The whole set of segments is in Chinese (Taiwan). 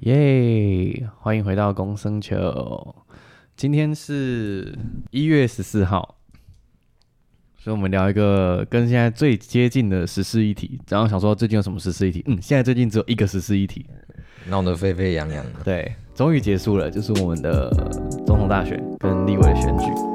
耶、yeah！歡迎回到公生球。今天是一月十四號，所以我們聊一個跟現在最接近的時事議題。然後想說最近有什麼時事議題？嗯，現在最近只有一個時事議題，鬧得沸沸揚揚。對，終於結束了，就是我們的總統大選跟立委的選舉。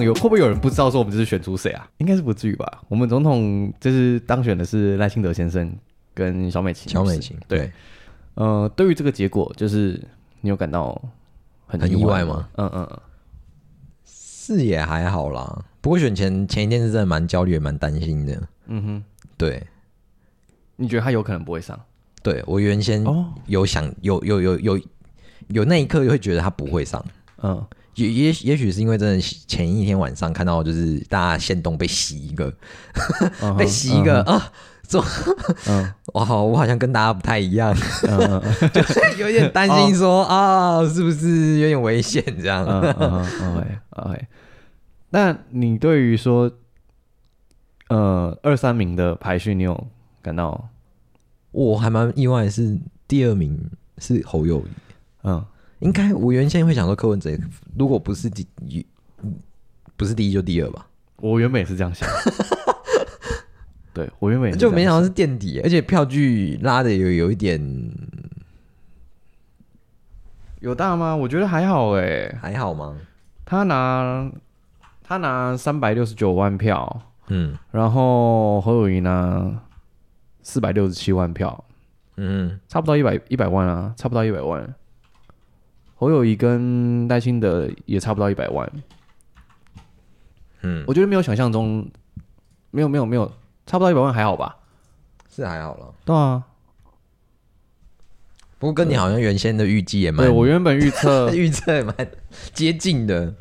有會不會有人不知道說我們這是選出誰啊？應該是不至於吧。我們總統就是當選的是賴清德先生跟蕭美琴。蕭美琴。對，對，呃，對於這個結果，就是你有感到很意外，很意外嗎？嗯嗯，是也還好啦。不過選前前一天是真的蠻焦慮也蠻擔心的。嗯哼，對，你覺得他有可能不會上？對我原先有想有有有有有，有那一刻又會覺得他不會上。嗯。也也許是因為真的前一天晚上看到，就是大家現動被洗一個、uh，-huh, 被洗一個、uh -huh. 啊，做，嗯，哇，我好像跟大家不太一樣，uh -huh, 就有點擔心說、uh -huh. 啊，是不是有點危險這樣？OK，啊 OK。那你對於說，呃，二三名的排序，你有感到，我還蠻意外，是第二名是侯友宜，嗯、uh -huh,。Uh -huh, uh -huh, uh -huh. 應該我原先會想說柯文哲，如果不是第，一，不是第一就第二吧。我原本也是這樣想， 對，我原本就沒想到是墊底，而且票距拉得有有一點，有大嗎？我覺得還好誒，還好嗎？他拿他拿三百六十九萬票，嗯，然後侯友宜拿四百六十七萬票，嗯，差不多一百一百萬啊，差不多一百萬。侯友宜跟賴清德也差不到一百萬，嗯，我覺得沒有想象中，沒有沒有沒有，差不到一百萬還好吧？是還好了。對啊，不過跟你好像原先的預計也蠻、呃……對我原本預測預測也蠻接近的，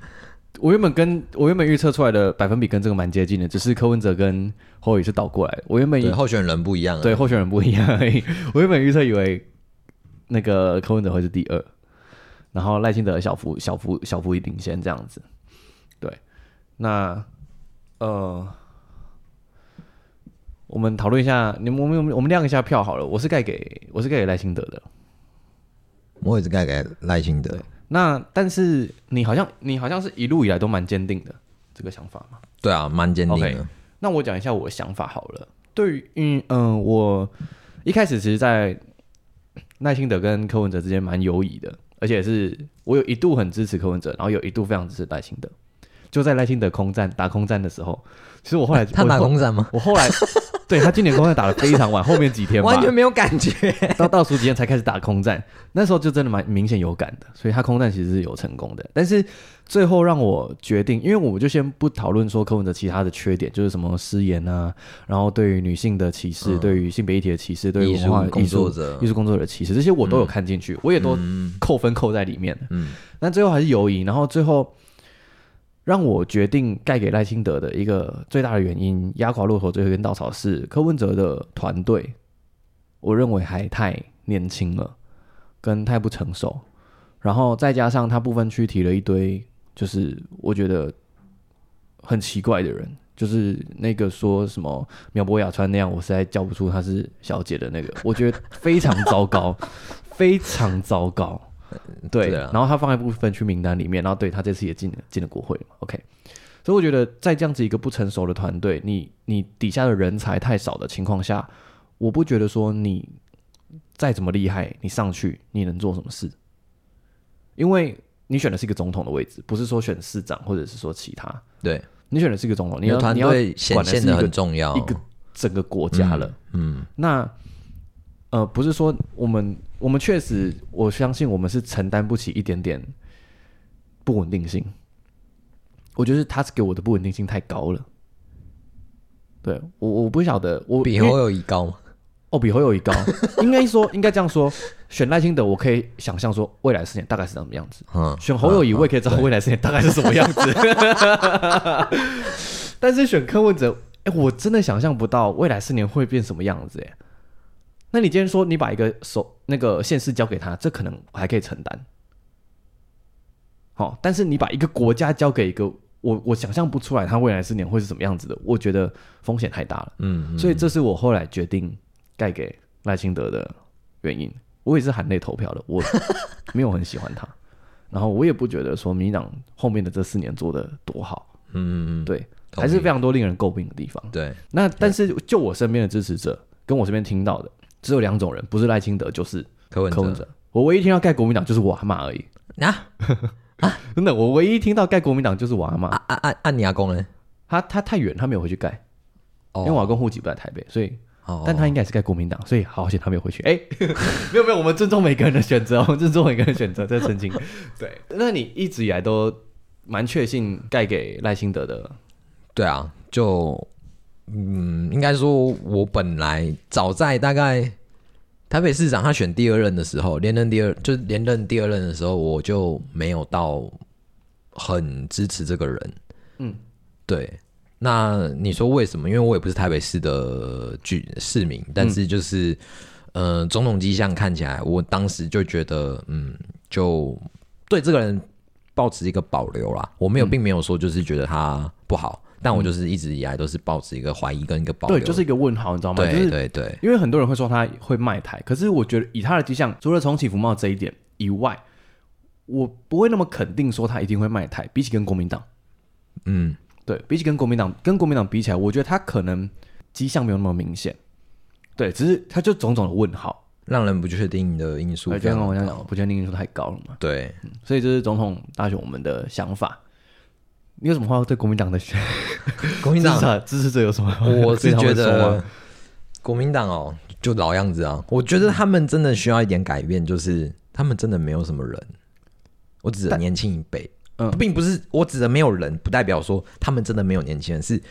我原本跟我原本預測出來的百分比跟這個蠻接近的，只是柯文哲跟侯友宜是倒過來的，我原本候選人不一樣，對候選人不一樣而已， 我原本預測以為那個柯文哲會是第二。然後賴清德小幅小幅小幅一領先這樣子，對，那呃，我們討論一下，你們我們我們亮一下票好了。我是蓋給我是蓋給賴清德的，我也是蓋給賴清德。那但是你好像你好像是一路以來都蠻堅定的這個想法嘛？對啊，蠻堅定的、okay。那我講一下我的想法好了。對於嗯、呃，我一開始其實，在賴清德跟柯文哲之間蠻猶豫的。而且是我有一度很支持柯文哲，然後有一度非常支持賴清德，就在賴清德空戰打空戰的時候，其實我後來，他打空戰嗎？我後，我後來。 對他今年空戰打得非常晚， 後面幾天完全沒有感覺，到倒數幾天才開始打空戰，那時候就真的蠻明顯有感的，所以他空戰其實是有成功的，但是最後讓我決定，因為我們就先不討論說柯文哲其他的缺點，就是什麼失言啊，然後對於女性的歧視，嗯、對於性別議題的歧視，對於文化藝術工作者、藝術工作者的歧視，這些我都有看進去、嗯，我也都扣分扣在裡面的，嗯，那最後還是友宜，然後最後。讓我決定蓋給賴清德的一個最大的原因，壓垮駱駝最後一根稻草是柯文哲的團隊，我認為還太年輕了，跟太不成熟，然後再加上他不分區提了一堆，就是我覺得很奇怪的人，就是那個說什麼苗博雅穿那樣，我實在叫不出他是小姐的那個，我覺得非常糟糕， 非常糟糕。對，然後他放一部分去名單裡面，然後對他這次也進進了國會 OK，所以我覺得在這樣子一個不成熟的團隊，你你底下的人才太少的情況下，我不覺得說你再怎麼厲害，你上去你能做什麼事？因為你選的是一個總統的位置，不是說選市長或者是說其他。對，你選的是一個總統，你要，要你要管的是一個很重要、嗯嗯、一個整個國家了。嗯，那呃，不是說我們。我們確實，我相信我們是承擔不起一點點不穩定性。我覺得他是給我的不穩定性太高了。對我，我不曉得我比侯友宜高嗎？哦，比侯友宜高， 應該說應該這樣說。選賴清德，我可以想象說未來四年大概是怎麼樣子。嗯、選侯友宜，我也可以知道未來四年大概是什麼樣子。嗯嗯、 但是選柯文哲，哎，我真的想象不到未來四年會變什麼樣子，哎。那你今天說你把一個手那個縣市交給他，這可能還可以承擔，好，但是你把一個國家交給一個我，我想象不出來他未來四年會是什麼樣子的，我覺得風險太大了，嗯，嗯，所以這是我後來決定蓋給賴清德的原因，我也是含淚投票的，我沒有很喜歡他， 然後我也不覺得說民進黨後面的這四年做得多好，嗯，嗯嗯，對，還是非常多令人詬病的地方，對、嗯嗯，okay. 那但是就我身邊的支持者跟我身邊聽到的。只有兩種人，不是賴清德就是柯文哲。我唯一聽到蓋國民黨就是我阿嬤而已啊 真的，我唯一聽到蓋國民黨就是我阿嬤。啊啊啊，你阿公呢？他他太遠，他沒有回去蓋、哦，因為我阿公戶籍不在台北，所以、哦、但他應該也是蓋國民黨，所以好險他沒有回去。哎、欸， 沒有沒有，我們尊重每個人的選擇，我們尊重每個人的選擇，在 澄清。對，那你一直以來都蠻確信蓋給賴清德的，對啊，就。嗯，應該說，我本來早在大概台北市長他選第二任的時候，連任第二，就連任第二任的時候，我就沒有到很支持這個人。嗯，對。那你說為什麼？因為我也不是台北市的居市民，但是就是，嗯、呃，種種跡象看起來，我當時就覺得，嗯，就對這個人抱持一個保留啦。我沒有，並沒有說就是覺得他不好。嗯但我就是一直以來都是抱持一個懷疑跟一個保留、嗯、對，就是一個問號，你知道嗎？對對對，對就是，因為很多人會說他會賣台，可是我覺得以他的跡象，除了重啟服貿這一點以外，我不會那麼肯定說他一定會賣台。比起跟國民黨，嗯，對比起跟國民黨，跟國民黨比起來，我覺得他可能跡象沒有那麼明顯。對，只是他就種種的問號，讓人不確定的因素。剛剛我講不確定因素太高了嘛？對，嗯、所以這是總統大選我們的想法。你有什麼話要對國民黨的學？國民黨支、支持者有什麼？我是覺得國民黨哦，就老樣子啊。我覺得他們真的需要一點改變，就是他們真的沒有什麼人。我指的年輕一輩、嗯，並不是我指的沒有人，不代表說他們真的沒有年輕人。是，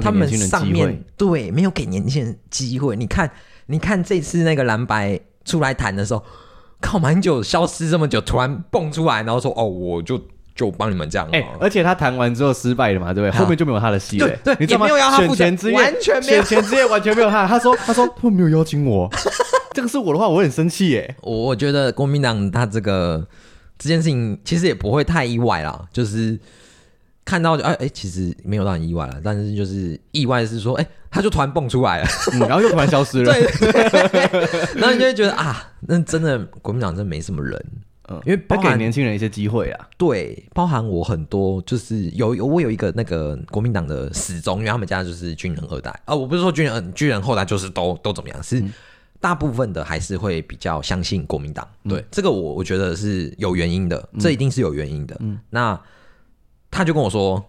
他們上面，對，沒有給年輕人機會。你看，你看這次那個藍白出來談的時候，靠，蠻久消失這麼久，突然蹦出來，然後說：“哦，我就。”就幫你們這樣，哎、欸，而且他談完之後失敗了嘛，對不對？啊、後面就沒有他的戲了對。對，你知道嗎？選前之夜完全沒有他。他說：“他說他沒有邀請我。 ”這個是我的話，我很生氣。耶。我我覺得國民黨他這個這件事情其實也不會太意外啦，就是看到就哎哎，其實沒有讓人意外了。但是就是意外是說，哎，他就突然蹦出來了， 嗯、然後又突然消失了。 對，對，對， 然後你就會覺得啊，那真的國民黨真的沒什麼人。嗯，因為包含給年輕人一些機會啊，對，包含我很多，就是有有我有一個那個國民黨的死忠，因為他們家就是軍人二代啊、呃，我不是說軍人，軍人後代就是都都怎麼樣，是大部分的還是會比較相信國民黨、嗯，對，嗯、這個我我覺得是有原因的，這一定是有原因的，嗯，那他就跟我說，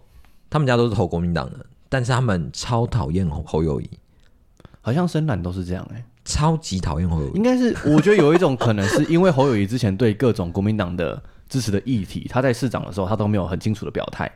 他們家都是投國民黨的，但是他們超討厭侯友宜，好像深藍都是這樣、欸，哎。超級討厭侯友宜應該，應該是我覺得有一種可能是因為侯友宜之前對各種國民黨的支持的議題， 他在市長的時候他都沒有很清楚的表態，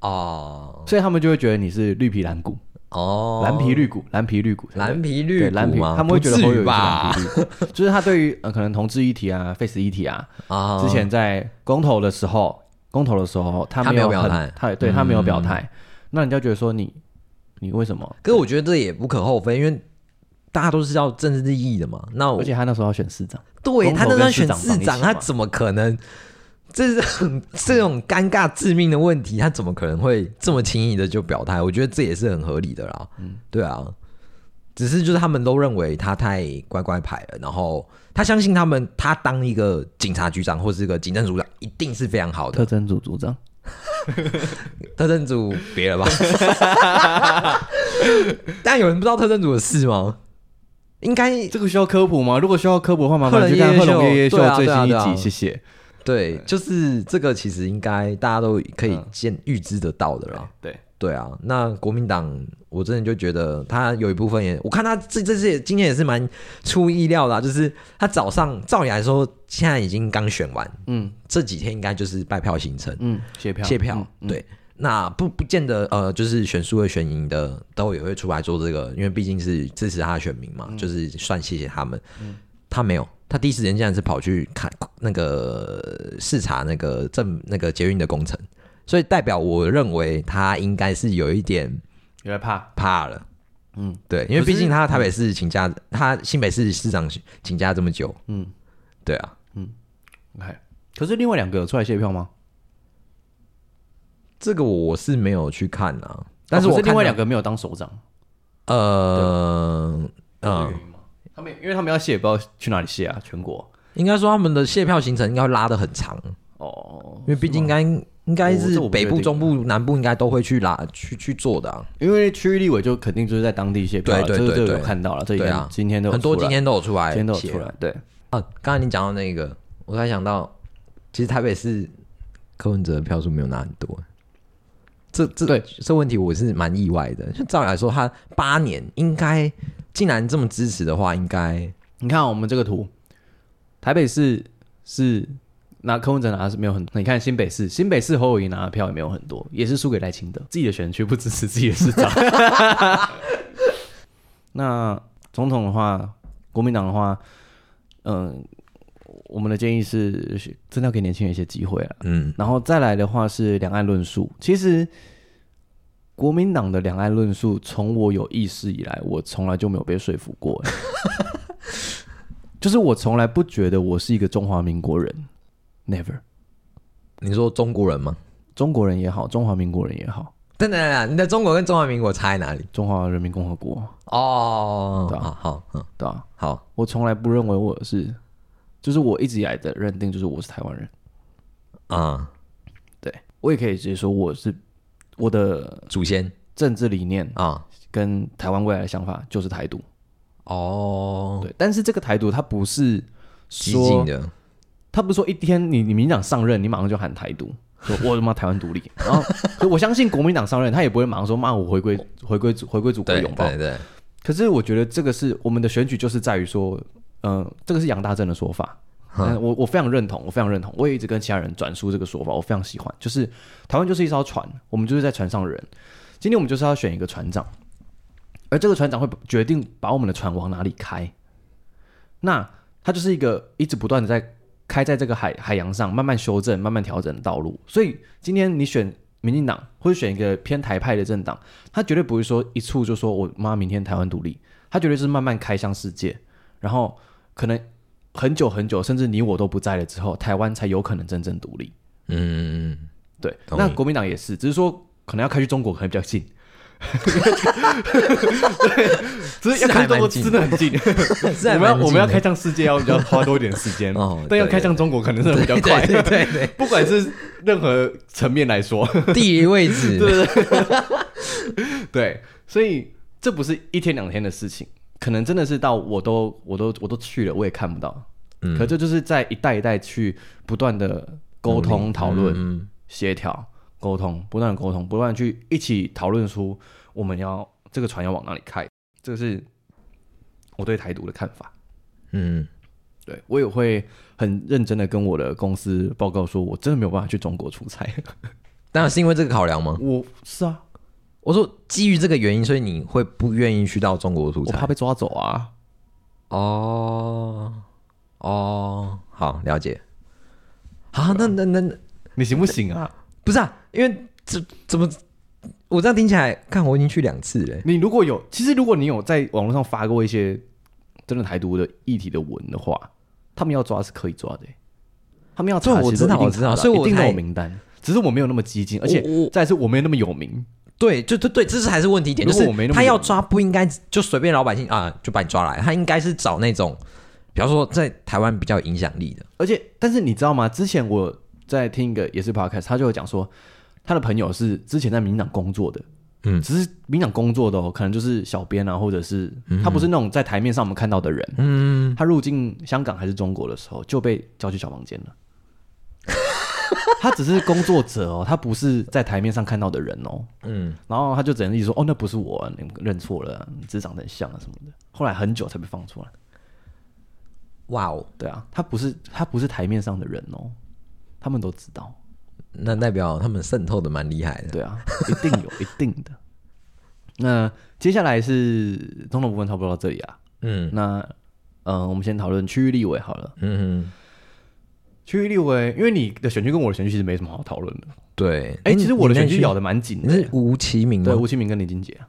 哦、uh...，所以他們就會覺得你是綠皮藍骨哦、uh...，藍皮綠骨，藍皮綠骨，藍皮綠骨嗎？他們會覺得侯友宜是藍皮綠骨，就是他對於呃可能同志議題啊、廢 死議題啊，啊、uh...，之前在公投的時候，公投的時候他沒有，他沒有表態，他對，他沒有表態、嗯，那人家覺得說你你為什麼？可是，我覺得這也無可厚非，因為。大家都是要政治利益的嘛？那我而且他那時候要選市長，對他那時候選市長，他怎麼可能？這是很、嗯、這種尷尬致命的問題，他怎麼可能會這麼輕易的就表態？我覺得這也是很合理的啦。嗯，對啊，只是就是他們都認為他太乖乖牌了，然後他相信他們，他當一個警察局長或是一個警政組長一定是非常好的。特徵組組長， 特徵組別了吧？ 但有人不知道特徵組的事嗎？應該這個需要科普嗎？如果需要科普的話，麻煩去看《賀瓏夜夜秀》夜夜秀啊、最新的、啊啊啊、謝謝對。對，就是這個，其實應該大家都可以見預、啊、知得到的了。對對啊，那國民黨，我真的就覺得他有一部分也，我看他這這次也今天也是蠻出意料的啦，就是他早上照理來說現在已經剛選完，嗯，這幾天應該就是拜票行程，嗯，謝票謝票、嗯嗯，對。那不不見得，呃，就是選輸的選贏的都會也會出來做這個，因為畢竟是支持他的選民嘛，嗯、就是算謝謝他們、嗯。他沒有，他第一時間竟然是跑去看那個視察那個政那個捷運的工程，所以代表我認為他應該是有一點有點怕怕了。嗯，對，因為畢竟他台北市請假、嗯，他新北市市長請假這麼久，嗯，對啊，嗯，哎、okay，可是另外兩個有出來謝票嗎？這個我是沒有去看啊，但是我、哦、是另外兩個沒有當首長，呃，什、嗯、因、嗯、他們因為他們要謝不知道去哪裡謝啊？全國應該說他們的謝票行程應該拉得很長哦，因為畢竟應該應該是北部,中部、中部、南部應該都會去拉去去做的，啊。因為區域立委就肯定就是在當地謝票、啊嗯。對對對,對,對，我、這個、看到了，這幾天今天,、啊、今天都有出來很多今天都有出來，今天都有出來。對,對啊，剛才你講到那個，我才想到，其實台北市柯文哲的票數沒有拿很多。這這對這問題我是蠻意外的。就照理來說，他八年應該既然這麼支持的話，應該你看我們這個圖，台北市是拿柯文哲拿的是沒有很，你看新北市新北市侯友宜拿的票也沒有很多，也是輸給賴清德， 自己的選區不支持自己的市長。 那總統的話，國民黨的話，嗯。我們的建議是，真的要給年輕人一些機會了。嗯，然後再來的話是兩岸論述。其實，國民黨的兩岸論述，從我有意識以來，我從來就沒有被說服過。 就是我從來不覺得我是一個中華民國人，Never。你說中國人嗎？中國人也好，中華民國人也好。等等，等等，你的中國跟中華民國差在哪裡？中華人民共和國。哦，對吧？好，嗯，對吧？好，我從來不認為我是。就是我一直以來的認定，就是我是台灣人啊，uh, 對，我也可以直接說我是我的祖先政治理念啊，跟台灣未來的想法就是台獨哦，uh, oh, 對，但是這個台獨它不是激進的，他不是說一天你你民進黨上任你馬上就喊台獨，說我他媽台灣獨立， 然後所以我相信國民黨上任他也不會馬上說罵我回歸回歸回歸祖國的擁抱，對，對，對，對，可是我覺得這個是我們的選舉，就是在於說。嗯、呃，這個是楊大正的說法，嗯、我我非常認同，我非常認同，我也一直跟其他人轉述這個說法，我非常喜歡。就是台灣就是一艘船，我們就是在船上的人，今天我們就是要選一個船長，而這個船長會決定把我們的船往哪裡開。那他就是一個一直不斷的在開在這個海海洋上，慢慢修正、慢慢調整的道路。所以今天你選民進黨，或者選一個偏台派的政黨，他絕對不會說一處就說“我媽明天台灣獨立”，他絕對是慢慢開向世界，然後。可能很久很久，甚至你我都不在了之後，台灣才有可能真正獨立。嗯，對。那國民黨也是，只是說可能要開去中國可能比較近。 對，只是要開中國的真的很近。 是近 我們要我們要開向世界要比較花多一點時間。 哦。但要開向中國可能是比較快。對對，對，對不管是任何層面來說，地 理位置 對，對，對。 對。所以這不是一天兩天的事情。可能真的是到我都我都我都去了，我也看不到，嗯。可這就是在一代一代去不斷的溝通、討論、嗯、協調、溝通、嗯，不斷的溝通，不斷去一起討論出我們要這個船要往哪裡開。這個是我對台獨的看法。嗯，對，我也會很認真的跟我的公司報告，說我真的沒有辦法去中國出差。當然是因為這個考量嗎？我是啊。我說基於這個原因，所以你會不願意去到中國出差？我怕被抓走啊！哦哦，好了解。Oh. 啊，那那那你行不行啊？ 不是啊，因為怎怎麼我這樣聽起來，看我已經去兩次了。你如果有，其實如果你有在網絡上發過一些真的台獨的議題的文的話，他們要抓是可以抓的。他們要抓，我知道，我知道，所以一定有名單，只是我沒有那麼激進，而且再次我沒有那麼有名。對，就對對，這是還是問題點，我沒那麼就是他要抓不應該就隨便老百姓啊，就把你抓來，他應該是找那種，比方說在台灣比較有影響力的，而且但是你知道嗎？之前我在聽一個也是 podcast，他就會講說，他的朋友是之前在民黨工作的，嗯，只是民黨工作的、哦、可能就是小編啊，或者是他不是那種在台面上我們看到的人，嗯，他入境香港還是中國的時候就被叫去小房間了。 他只是工作者哦，他不是在台面上看到的人哦。嗯，然後他就只能一直說：“哦，那不是我，啊，你認錯了，啊，只長得很像啊什麼的。”後來很久才被放出來。哇哦，對啊，他不是他不是台面上的人哦，他們都知道。那代表他們滲透的蠻厲害的。對啊，一定有一定的。 那接下來是總統部分，差不多到這裡啊。嗯，那嗯、呃，我們先討論區域立委好了。嗯哼。區域立委，因為你的選區跟我的選區其實沒什麼好討論的。對，哎、欸，其實我的選區咬得蠻緊的，欸、是吳琪銘。對，吳琪銘跟林金結、啊、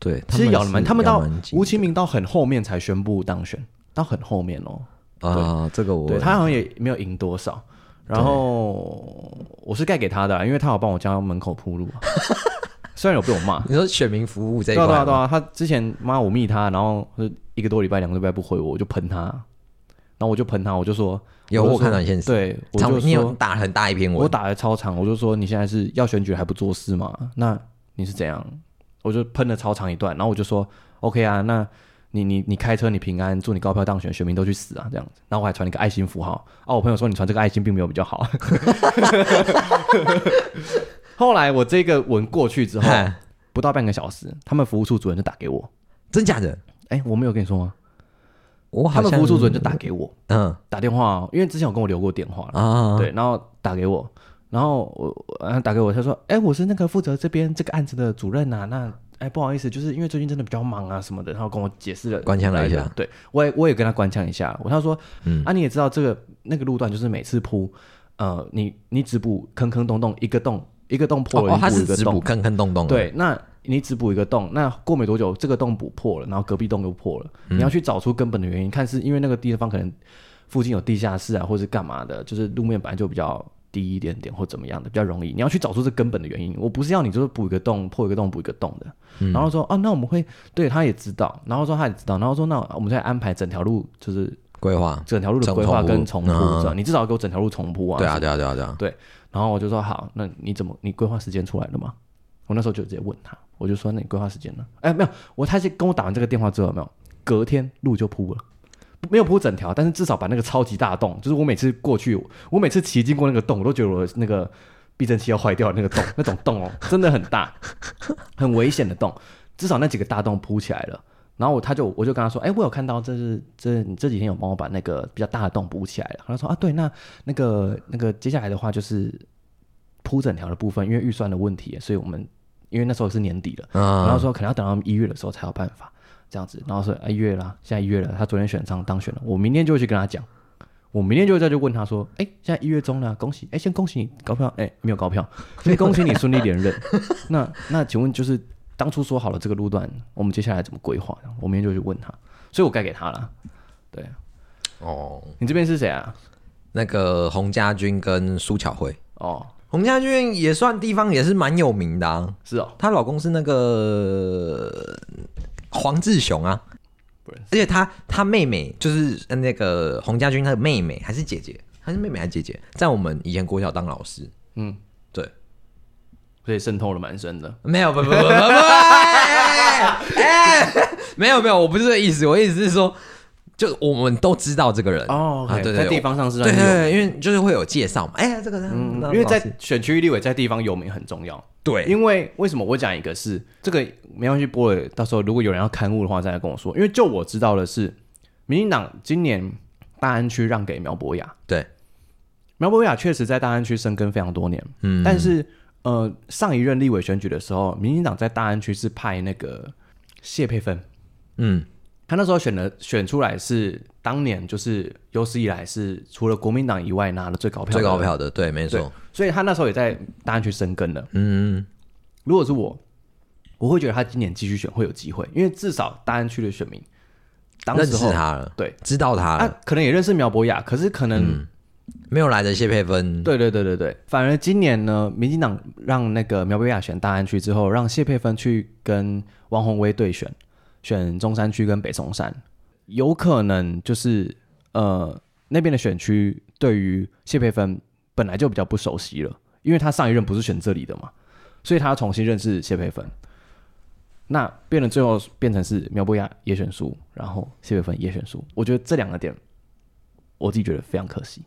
對，其實咬得蠻，他們到吳琪銘到很後面才宣布當選，到很後面哦。啊對，這個我對，他好像也沒有贏多少。然後我是蓋給他的，因為他有幫我家門口鋪路、啊， 雖然有被我罵。你說選民服務這一塊，對啊，對啊對啊，他之前罵我密他，然後一個多禮拜兩個禮拜不回我，我就噴他。然後我就噴他，我就說有我，我看現實，對，我就你有打很大一篇文，我打的超長，我就說你現在是要選舉還不做事嗎？那你是怎樣？我就噴了超長一段，然後我就說 OK 啊，那你你你開車你平安，祝你高票當選，選民都去死啊這樣子。然後我還傳你個愛心符號，哦、啊，我朋友說你傳這個愛心並沒有比較好。 後來我這個文過去之後， 不到半個小時，他們服務處主任就打給我，真假的？哎，我沒有跟你說嗎？我好像他們服務處主任就打給我，嗯，打電話，因為之前有跟我留過電話了啊啊啊啊，對，然後打給我，然後我打給我，他說：“哎、欸，我是那個負責這邊這個案子的主任啊，那哎、欸、不好意思，就是因為最近真的比較忙啊什麼的，然後跟我解釋了，官腔了一下，對，我也我也跟他官腔一下，我他說，嗯，啊你也知道這個那個路段就是每次鋪，呃，你你只補坑坑洞洞一個洞一個洞破了一一個洞，個、哦哦、他是只補坑坑洞洞，對，那。”你只補一個洞，那過沒多久，這個洞補破了，然後隔壁洞又破了，嗯。你要去找出根本的原因，看是因為那個地方可能附近有地下室啊，或是幹嘛的，就是路面本來就比較低一點點，或怎麼樣的，比較容易。你要去找出這根本的原因。我不是要你就是補一個洞破一個洞補一個洞的。嗯，然後說啊，那我們會，對他也知道。然後說他也知道。然後說那我們再安排整條路就是規劃整條路的規劃跟重鋪，是吧？你至少給我整條路重鋪啊。對啊，對啊，對啊，對。然後我就說好，那你怎麼你規劃時間出來了嗎？我那時候就直接問他。我就說，那你規劃時間了，哎、欸，沒有，我他是跟我打完這個電話之後，沒有隔天路就鋪了，沒有鋪整條，但是至少把那個超級大洞，就是我每次過去，我每次騎經過那個洞，我都覺得我那個避震器要壞掉的那個洞， 那種洞哦，真的很大，很危險的洞，至少那幾個大洞鋪起來了。然後我他就我就跟他說，哎、欸，我有看到這是這是你這幾天有幫我把那個比較大的洞補起來了。他說啊，對，那那個那個接下來的話就是鋪整條的部分，因為預算的問題，所以我們。因為那時候是年底了、嗯，然後說可能要等到一月的時候才有辦法這樣子，然後說哎，一月啦，現在一月了，他昨天選上當選了，我明天就去跟他講，我明天就再去問他說，哎，現在一月中了，恭喜，哎先恭喜你高票，哎沒有高票，所 以恭喜你順利連任。 那那請問就是當初說好了這個路段，我們接下來怎麼規劃？我明天就去問他，所以我該給他了。對，哦，你這邊是誰啊？那個洪家軍跟蘇巧慧。哦。洪家俊，也算地方也是蠻有名的。啊，是哦，她老公是那個黃志雄啊，不是，而且他他妹妹就是那個洪家俊他的妹妹還是姐姐，還是妹妹還是姐姐，在我們以前國小當老師，嗯，對，所以滲透了蠻深的，沒有不不不不，不，不，不、 欸欸 欸，沒有沒有，我不是這個意思，我意思是說。就我們都知道這個人哦、oh, okay, 啊，在地方上是，是對，對，對，對因為就是會有介紹嘛。哎呀，這個、嗯、因為，在選區域立委在地方有名很重要。對，因為為什麼我講一個是這個沒關係，播了，到時候如果有人要刊物的話，再來跟我說。因為就我知道的是，民進黨今年大安區讓給苗博雅。對，苗博雅確實在大安區生根非常多年。嗯，但是呃，上一任立委選舉的時候，民進黨在大安區是派那個謝佩芬。嗯。他那時候選的選出來是當年就是有史以來是除了國民黨以外拿的最高票，最高票的，對，沒錯。所以他那時候也在大安區深耕了。嗯，嗯，如果是我，我會覺得他今年繼續選會有機會，因為至少大安區的選民當時認識他了，對，知道他，他、啊、可能也認識苗博雅，可是可能、嗯、沒有來的謝佩芬。對對對對對，反而今年呢，民進黨讓那個苗博雅選大安區之後，讓謝佩芬去跟王鴻薇對選。選中山區跟北松山，有可能就是呃，那邊的選區對於謝佩芬本來就比較不熟悉了，因為他上一任不是選這裡的嘛，所以他重新認識謝佩芬。那變成最後變成是苗博雅也選輸，然後謝佩芬也選輸。我覺得這兩個點我自己覺得非常可惜。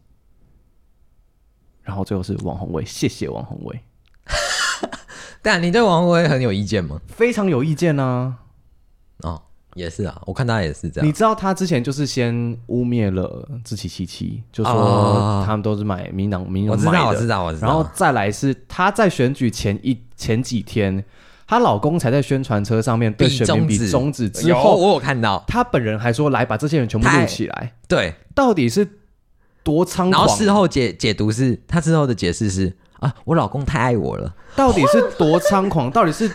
然後最後是王鴻薇，謝謝王鴻薇。 但你對王鴻薇很有意見嗎？非常有意見啊。哦，也是啊，我看他也是這樣。你知道他之前就是先污蔑了自己，七七，就說他們都是買名囊名，我知道，我知道，我知道。然後再來是他在選舉前一前幾天，她老公才在宣傳車上面對選民比中指、指然後，之後，我有看到他本人還說來把這些人全部錄起來。對，到底是多猖狂？然後事後解解讀是，他之後的解釋是啊，我老公太愛我了。到底是多猖狂？ 到底是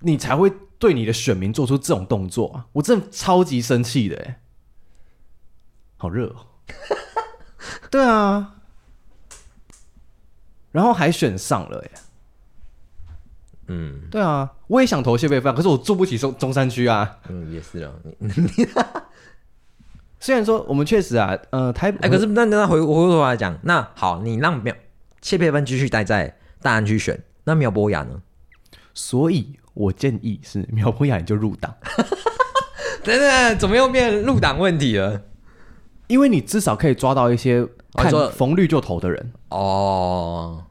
你才會？對你的選民做出這種動作啊，我真的超級生氣的、欸！哎，好熱、喔， 對啊，然後還選上了、欸、嗯，對啊，我也想投謝佩芬，可是我住不起中中山區啊，嗯，也是啊。 雖然說我們確實啊，呃，台哎、欸呃，可是那那回回過頭來講、嗯，那好，你讓苗謝佩芬繼續待在大安區選，那苗博雅呢？所以。我建議是苗博雅，你就入黨。真 的？怎麼又變入黨問題了、嗯？因為你至少可以抓到一些看逢綠就投的人哦。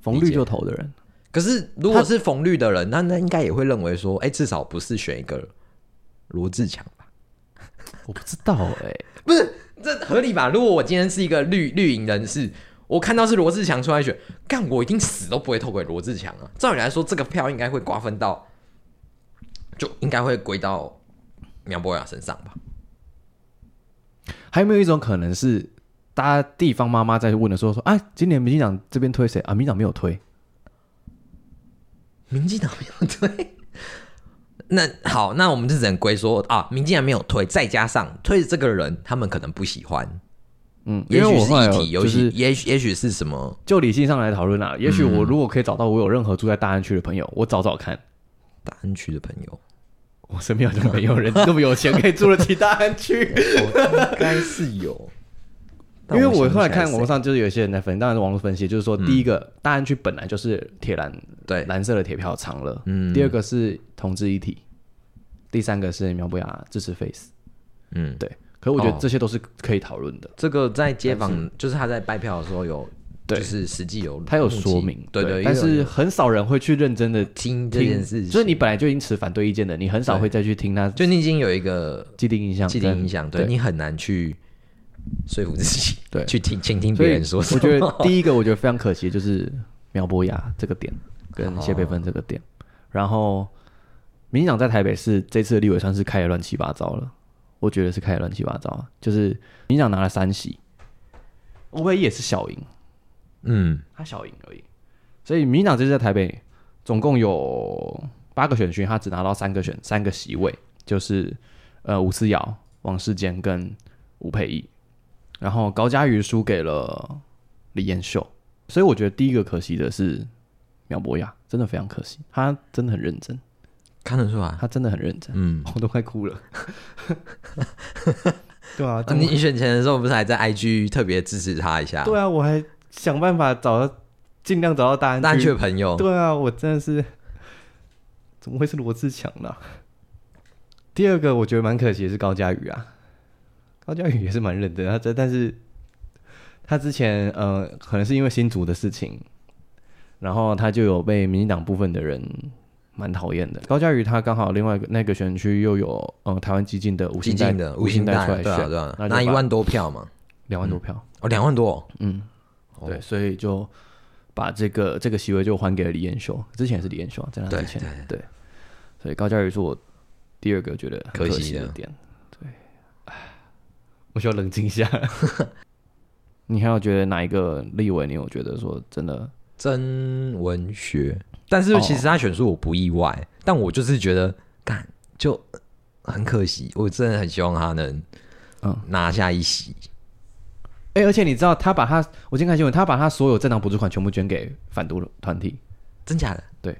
逢、哦、綠就投的人，可是如果是逢綠的人，那那應該也會認為說，哎、欸，至少不是選一個羅智強吧？ 我不知道哎、欸，不是，這合理吧？如果我今天是一個綠綠營人士。我看到是羅智強出來選，幹我一定死都不會投給羅智強啊！照理來說，這個票應該會瓜分到，就應該會歸到苗博雅身上吧？還有沒有一種可能是，大家地方媽媽在問的時候說：“哎、啊，今年民進黨這邊推誰啊？”民進黨沒有推，民進黨沒有推。 那好，那我們就只能歸說啊，民進黨沒有推，再加上推的這個人，他們可能不喜歡。嗯也是，因為我發現、就是、就是，也許也許是什麼，就理性上來討論啊。也許我如果可以找到我有任何住在大安區的朋友、嗯，我找找看大安區的朋友。我身邊都沒有人這麼有錢可以住得起大安區，應 該 是有。 因為我後來看網絡上就是有些人在分析，當然是網絡分析，就是說第一個、嗯、大安區本來就是鐵藍對藍色的鐵票倉了，嗯。第二個是同志議題，第三個是苗博雅支持 Face，嗯對。可我覺得這些都是可以討論的，哦。這個在街訪，就是他在拜票的時候有，對就是實際有，他有說明，對對，對。但是很少人會去認真的聽，聽這件事，情，所、就、以、是、你本來就已經持反對意見的，你很少會再去聽他。就你已經有一個既定印象，既定印象，對，對你很難去說服自己，對，去聽，傾聽別人說什麼。我覺得第一個我覺得非常可惜，就是苗博雅這個點跟謝佩芬這個點，啊、然後民進黨在台北市這次的立委算是開的亂七八糟了。我覺得是開的亂七八糟，就是民進黨拿了三席，吳沛憶也是小贏，嗯，他小贏而已，所以民進黨這次在台北總共有八個選區，他只拿到三個選三個席位，就是呃吳思瑤、王世堅跟吳沛憶，然後高嘉瑜輸給了李彥秀，所以我覺得第一個可惜的是苗博雅，真的非常可惜，他真的很認真。看得出來、啊、他真的很認真。嗯，我、哦、都快哭了。 對，啊對啊，你你選前的時候不是還在 IG 特別支持他一下？對啊，我還想辦法找到，盡量找到大安區。大安區的朋友？對啊，我真的是，怎麼會是羅智強呢、啊？第二個我覺得蠻可惜的是高嘉瑜啊，高嘉瑜也是蠻認真的啊，但但是他之前呃，可能是因為新竹的事情，然後他就有被民進黨部分的人蠻討厭的，高嘉瑜他剛好另外那個選區又有嗯台灣基進的吳欣岱、吳欣岱出來選，拿一、啊啊、萬多票嘛，兩萬多票、嗯、哦，兩萬多、哦，嗯、哦，對，所以就把這個這個席位，就還給了李彥秀，之前是李彥秀，在那之前，對，對，對，對，所以高嘉瑜是我第二個覺得很可惜的點，的啊、對，我需要冷靜一下， 你還要覺得哪一個立委？你有覺得說真的真文學？但是其實他選輸我不意外、哦，但我就是覺得幹就很可惜。我真的很希望他能拿下一席。哎、嗯欸，而且你知道他把他，我今天看新聞，他把他所有政黨補助款全部捐給反毒團體，真假的？對，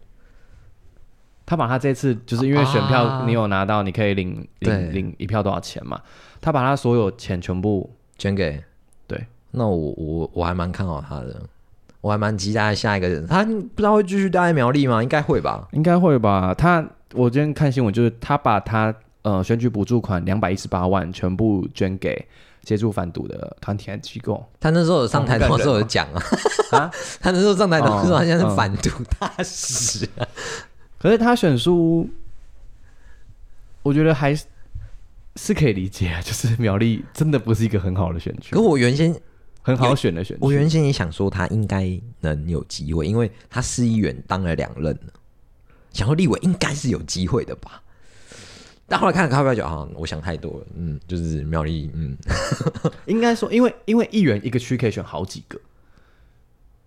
他把他這次就是因為選票你有拿到，你可以領、啊、領領，領一票多少錢嘛？他把他所有錢全部捐給，對，那我我我還蠻看好他的。我還蠻期待下一個人，他不知道會繼續代言苗栗嗎？應該會吧，應該會吧。他，我今天看新聞，就是他把他呃選舉補助款兩百一十八萬全部捐給接觸反毒的團體和機構。他那時候有上台的時候有講啊、哦、 啊，他那時候上台的時候好像是反毒、哦哦、大使、啊。 可是他選輸，我覺得還是可以理解，就是苗栗真的不是一個很好的選舉。可我原先。很好選的選區，我原先也想說他應該能有機會，因為他市議員當了兩任了，想說立委應該是有機會的吧。但後來看了咖啡酒啊，我想太多了。嗯，就是苗栗，嗯，應該說，因為因為議員一個區可以選好幾個，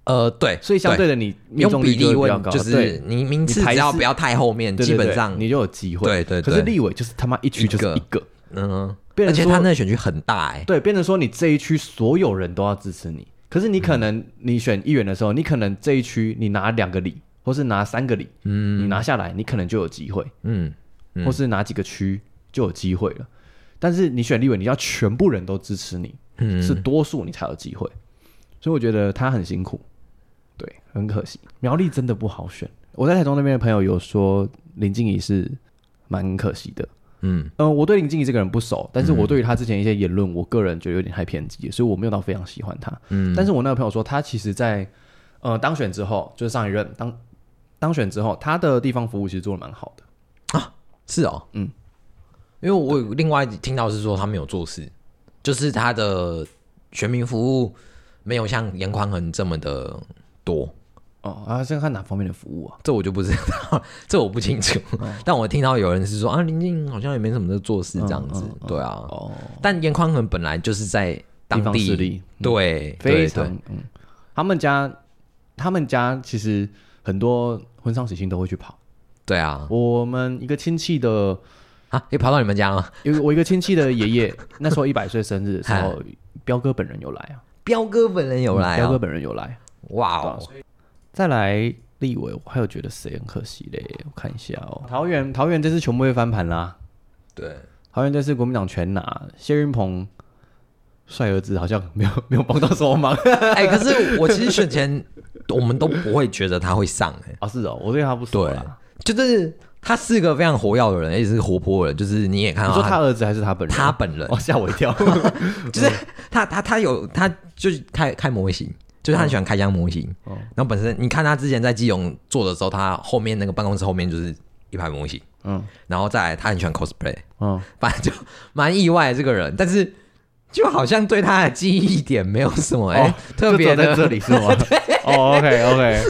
呃，對，所以相對的你用比例會比較高。就是你名次只要不要太後面，基本上對對對你就有機會。對，對對對，可是立委就是他媽一區就是一個，一個嗯。變成說，而且他那選區很大哎、欸，對，變成說，你這一區所有人都要支持你，可是你可能你選議員的時候，嗯、你可能這一區你拿兩個里或是拿三個里，嗯，你拿下來你可能就有機會，嗯，或是拿幾個區就有機會了、嗯，但是你選立委你要全部人都支持你，是多數你才有機會、嗯，所以我覺得他很辛苦，對，很可惜，苗栗真的不好選，我在台中那邊的朋友有說林靜怡是蠻可惜的。嗯，呃，我對林靜儀這個人不熟，但是我對於他之前一些言論，嗯，我個人覺得有點太偏激，所以我沒有到非常喜歡他。嗯，但是我那個朋友說，他其實在，呃，當選之後，就是上一任當當選之後，他的地方服務其實做得蠻好的啊，是哦，嗯，因為我另外聽到是說他沒有做事，就是他的選民服務沒有像顏寬恆這麼的多。啊，先看哪方面的服務啊？這我就不知道，這我不清楚。嗯、但我聽到有人是說、嗯、啊，林、嗯、靜好像也沒什麼在做事這樣子、嗯嗯。對啊，哦。但顏寬恆本來就是在當地，地方勢力，對，嗯、對，非常、嗯。他們家，他們家其實很多婚喪喜慶都會去跑。對啊，我們一個親戚的啊，也跑到你們家了嗎？有我一個親戚的爺爺， 那時候一百歲生日的時候， 標哥本人有來啊。標哥本人有來、啊嗯，標哥本人有來、啊。哇哦。再來立委，我還有覺得誰很可惜嘞？我看一下哦、喔。桃園，桃園這次全部會翻盤啦。對，桃園這次國民黨全拿。鄭運鵬帥兒子好像沒有沒有幫到什麼忙。哎、 欸，可是我其實選前 我們都不會覺得他會上哎、欸。啊、哦，是哦，我對他不熟。對，就是他是一個非常活躍的人，而且是活潑的人。就是你也看到，你說他兒子還是他本人？他本人。哦，嚇我一跳。 就是他，他，他有他就開，就是開開模型。就是他很喜歡開箱模型，嗯，然後本身你看他之前在基隆做的時候，他後面那個辦公室後面就是一排模型，嗯，然後再來他很喜歡 cosplay，嗯，反正就蠻意外的這個人，但是就好像對他的記憶點沒有什麼、欸哦、特別的，這裡是嗎 ？o、oh, okay, OK，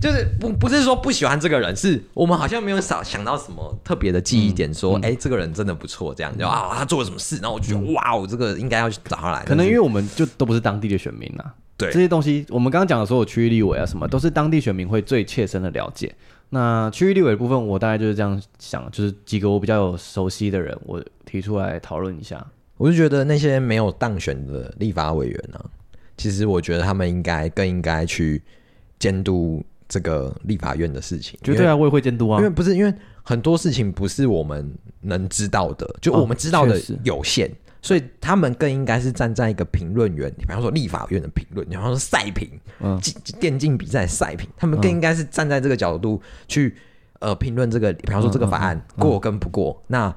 就是不不是說不喜歡這個人，是我們好像沒有少想到什麼特別的記憶點說，說、嗯、哎、嗯欸、這個人真的不錯這樣，就啊，他做了什麼事，然後我就覺得哇、哦，我這個應該要去找他來、就是，可能因為我們就都不是當地的選民啦、啊對這些東西，我們剛剛講的所有區域立委啊，什麼、嗯、都是當地選民會最切身的了解。那區域立委的部分，我大概就是這樣想，就是幾個我比較有熟悉的人，我提出來討論一下。我就覺得那些沒有當選的立法委員呢、啊，其實我覺得他們應該更應該去監督這個立法院的事情。絕對啊，我也會監督啊，因為不是因為很多事情不是我們能知道的，就我們知道的有限。哦所以他們更應該是站在一個評論員，你比方說立法院的評論，你比方說賽評、嗯，電競比賽賽評，他們更應該是站在這個角度去、嗯、呃評論這個，比方說這個法案、嗯、過跟不過。嗯、那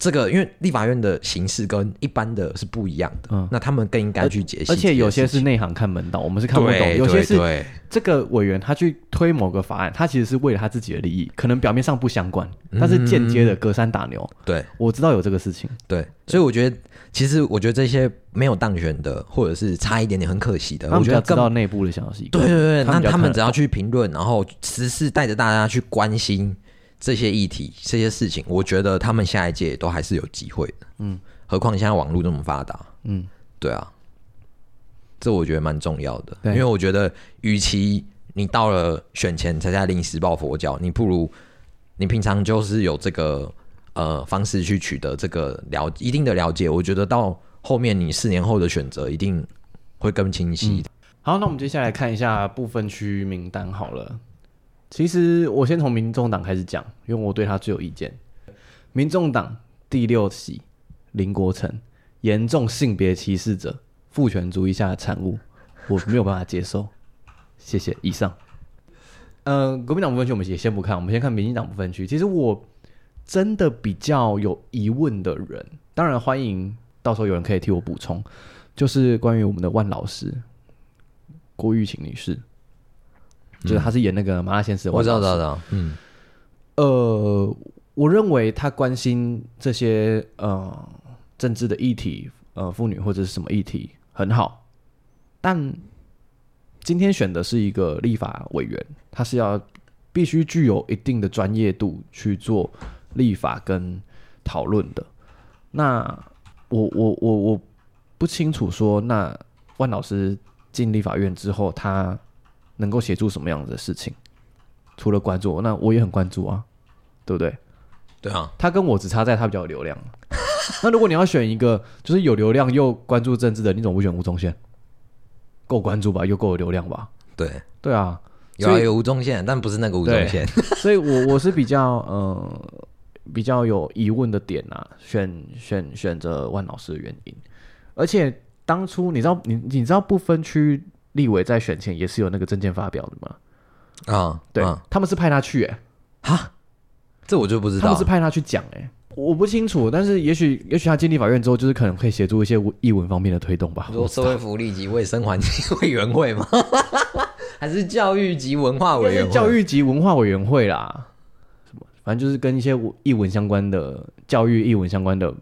這個因為立法院的形式跟一般的是不一樣的，嗯、那他們更應該去解析。而且有些是內行看門道，我們是看不懂。有些是這個委員他去推某個法案，他其實是為了他自己的利益，可能表面上不相關，他是間接的隔山打牛。對、嗯，我知道有這個事情。對，所以我覺得。其實我覺得這些沒有當選的，或者是差一點點很可惜的，他們比較我覺得知道內部的消息。對對對，對，那他們只要去評論，然後持續帶着大家去關心這些議題、這些事情，我覺得他們下一屆都還是有機會的。嗯，何況現在網絡這麼發達，嗯，對啊，這我覺得蠻重要的，因為我覺得，與其你到了選前才在臨時抱佛腳，你不如你平常就是有這個。呃，方式去取得這個了一定的了解，我覺得到後面你四年後的選擇一定會更清晰。嗯。好，那我們接下來看一下不分區名單。好了，其實我先從民眾黨開始講，因為我對他最有意見。民眾黨第六席林國成，嚴重性別歧視者，父權主義下的產物，我沒有辦法接受。 謝謝。以上。呃，國民黨不分區我們也先不看，我們先看民進黨不分區。其實我。真的比較有疑問的人，當然歡迎到時候有人可以替我補充，就是關於我們的萬老師郭玉琴女士，嗯、就是她是演那個麻辣鮮師。我知道，知道，知道。嗯，呃，我認為她關心這些呃政治的議題呃婦女或者是什麼議題很好，但今天選的是一個立法委員，他是要必須具有一定的專業度去做。立法跟討論的，那我我我我不清楚說，那萬老師進立法院之後，他能夠協助什麼樣子的事情？除了關注我，那我也很關注啊，對不對？對啊，他跟我只差在他比較有流量。 那如果你要選一個，就是有流量又關注政治的，你總不選吳宗憲？夠關注吧，又夠有流量吧？對對啊，所以有啊有吳宗憲，但不是那個吳宗憲。所以我，我我是比較呃。比較有疑問的點啊，選選選擇萬老師的原因，而且當初你知道你你知道不分區立委在選前也是有那個政見發表的嗎？啊，對啊，他們是派他去哎、欸，哈，這我就不知道，他們是派他去講哎、欸，我不清楚，但是也許也許他進立法院之後，就是可能可以協助一些藝文方面的推動吧。我說社會福利及衛生環境委員會嗎？ 還是教育及文化委員會？教育及文、文化委員會啦。反正就是跟一些藝文相關的教育、藝文相關的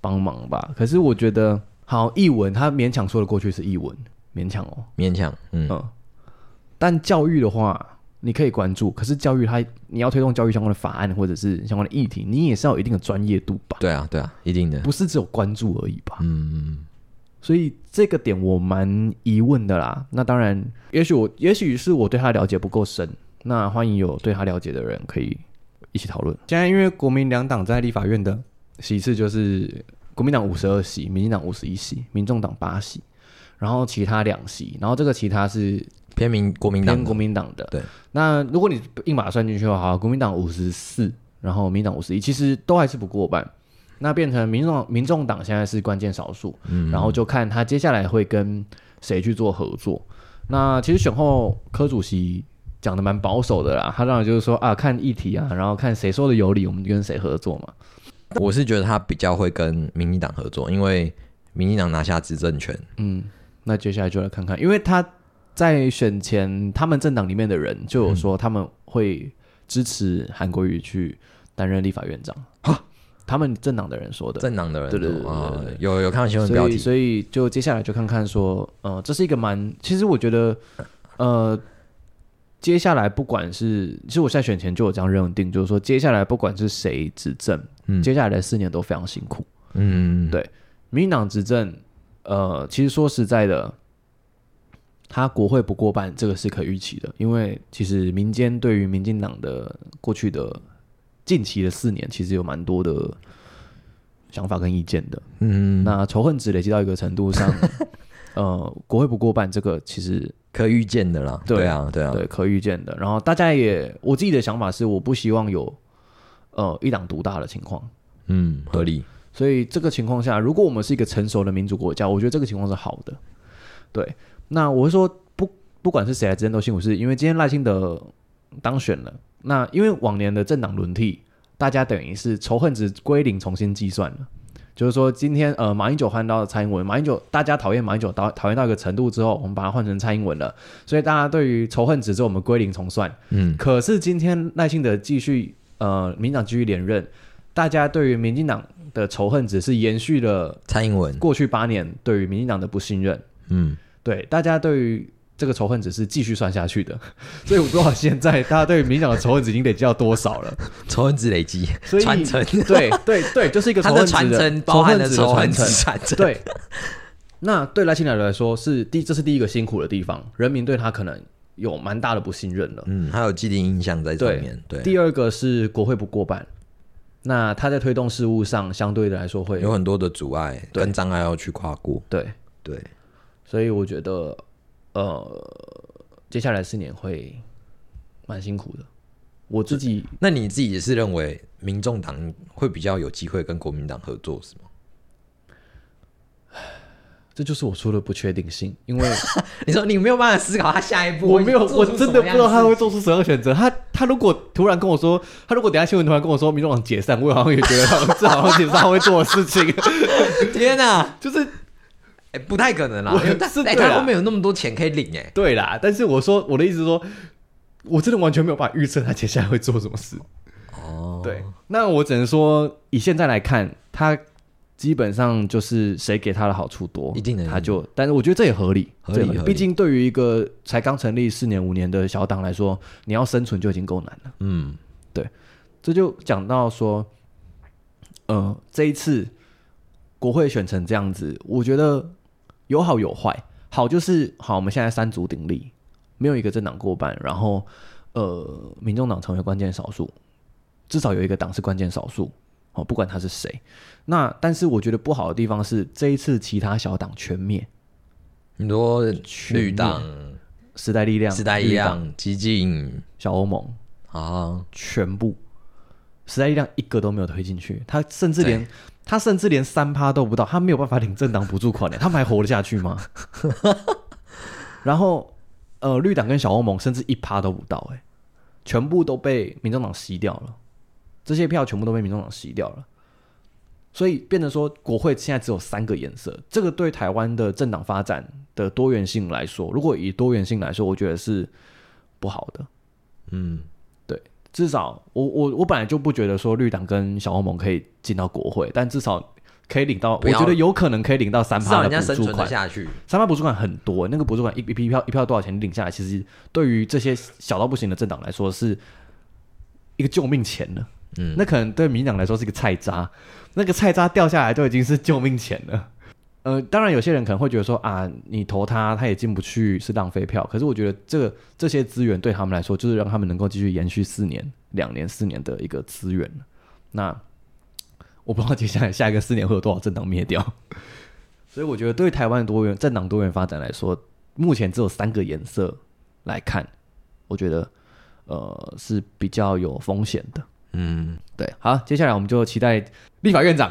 幫忙吧。可是我覺得，好，藝文他勉強說得過去，是藝文，勉強哦，勉強，嗯嗯。但教育的話，你可以關注，可是教育他，你要推動教育相關的法案或者是相關的議題，你也是要有一定的專業度吧？對啊，對啊，一定的，不是只有關注而已吧？嗯，所以這個點我蠻疑問的啦。那當然也，也許我也許是我對他了解不夠深，那歡迎有對他了解的人可以。一起討論。現在因為國民兩黨在立法院的席次就是國民黨五十二席，民進黨五十一席，民眾黨八席，然後其他兩席，然後這個其他是偏民國民黨，偏民國民黨的。對。那如果你硬把它算進去的話，好，國民黨五十四，然後民進黨五十一，其實都還是不過半，那變成民眾民眾黨現在是關鍵少數，然後就看他接下來會跟誰去做合作。嗯嗯。那其實選後柯主席。講的蠻保守的啦，他當然就是說啊，看議題啊，然後看誰說的有理，我們跟誰合作嘛。我是覺得他比較會跟民進黨合作，因為民進黨拿下執政權。嗯，那接下來就來看看，因為他在選前，他們政黨裡面的人就有說他們會支持韓國瑜去擔任立法院長。哈、嗯啊，他們政黨的人說的，政黨的人對對對，對，對，對，對，有有看到新聞標題，所以，所以就接下來就看看說，呃，這是一個蠻，其實我覺得，呃。接下來，不管是，其實我現在選前就有這樣認定，就是說接下來不管是誰執政、嗯，接下來的四年都非常辛苦。嗯，對，民進黨執政，呃，其實說實在的，他國會不過半，這個是可預期的，因為其實民間對於民進黨的過去的、近期的四年，其實有蠻多的想法跟意見的。嗯，那仇恨值累積到一個程度上。 呃，國會不過半，這個其實可預見的啦，對。對啊，對啊，對，可預見的。然後大家也，我自己的想法是，我不希望有呃一黨獨大的情況。嗯，合、嗯、理。所以這個情況下，如果我們是一個成熟的民主國家，我覺得這個情況是好的。對，那我會說不，不管是誰來執政都辛苦，是因為今天賴清德當選了。那因為往年的政黨輪替，大家等於是仇恨值歸零，重新計算了。就是說，今天呃，馬英九換到了蔡英文，馬英九大家討厭馬英九到討厭到一個程度之後，我們把它換成蔡英文了，所以大家對於仇恨值，我們歸零重算。嗯，可是今天賴清德繼續呃，民進黨繼續連任，大家對於民進黨的仇恨值是延續了蔡英文過去八年對於民進黨的不信任。嗯，對，大家對於。這個仇恨值是繼續算下去的， 所以我不知道現在大家對民進黨的仇恨值已經累積到多少了。 仇恨值累積，所以傳承， 對對對，就是一個仇恨值的，恨的仇恨值的傳承。傳承， 對。那對賴清德來說，是第這是第一個辛苦的地方，人民對他可能有蠻大的不信任了，嗯，還有既定印象在裡面對對。對，第二個是國會不過半，那他在推動事務上，相對的來說會有，有很多的阻礙跟障礙要去跨過。對對，對，所以我覺得。呃，接下來四年會蠻辛苦的。我自己，那你自己也是認為民眾黨會比較有機會跟國民黨合作，是嗎？這就是我說的不確定性，因為 你說你沒有辦法思考他下一步，我沒有，我真的不知道他會做出什麼選擇。他他如果突然跟我說，他如果等下新聞突然跟我說民眾黨解散，我好像也覺得他好像是好像解散會做的事情。 天哪、啊， 就是。欸、不太可能啦！但是他們、欸、沒有那麼多錢可以領、欸，哎，對啦。但是我說，我的意思是說，我真的完全沒有辦法預測他接下來會做什麼事。哦，對，那我只能說，以現在來看，他基本上就是誰給他的好處多，一定能他就。但是我覺得這也合理，合理。畢竟對於一個才剛成立四年五年的小黨來說，你要生存就已經夠難了。嗯，對。這就講到說，嗯、呃，這一次國會選成這樣子，我覺得。有好有壞，好就是好，我們現在三足鼎立，沒有一個政黨過半，然後，呃，民眾黨成為關鍵少數，至少有一個黨是關鍵少數，哦，不管他是誰。那但是我覺得不好的地方是，這一次其他小黨全滅，很多綠黨、時代力量、時代力量、基進小歐盟啊，全部時代力量一個都沒有推進去，他甚至連。他甚至連三趴都不到，他沒有辦法領政黨補助款哎，他們還活得下去嗎？ 然後，呃，綠黨跟小歐盟甚至一趴都不到哎，全部都被民眾黨吸掉了，這些票全部都被民眾黨吸掉了，所以變成說國會現在只有三個顏色，這個對台灣的政黨發展的多元性來說，如果以多元性來說，我覺得是不好的，嗯。至少，我我我本來就不覺得說綠黨跟小歐盟可以進到國會，但至少可以領到。我覺得有可能可以領到三趴的補助款，至少人家生存得下去。三趴補助款很多，那個補助款一一批一票一票多少錢領下來，其實對於這些小到不行的政黨來說，是一個救命錢呢。嗯，那可能對民進黨來說是一個菜渣，那個菜渣掉下來就已經是救命錢了。呃，當然，有些人可能會覺得說啊，你投他，他也進不去，是浪費票。可是我覺得、這個，這個這些資源對他們來說，就是讓他們能夠繼續延續四年、兩年、四年的一個資源。那我不知道接下來下一個四年會有多少政黨滅掉。 所以我覺得，對台灣多元政黨多元發展來說，目前只有三個顏色來看，我覺得呃是比較有風險的。嗯，對。好，接下來我們就期待立法院長。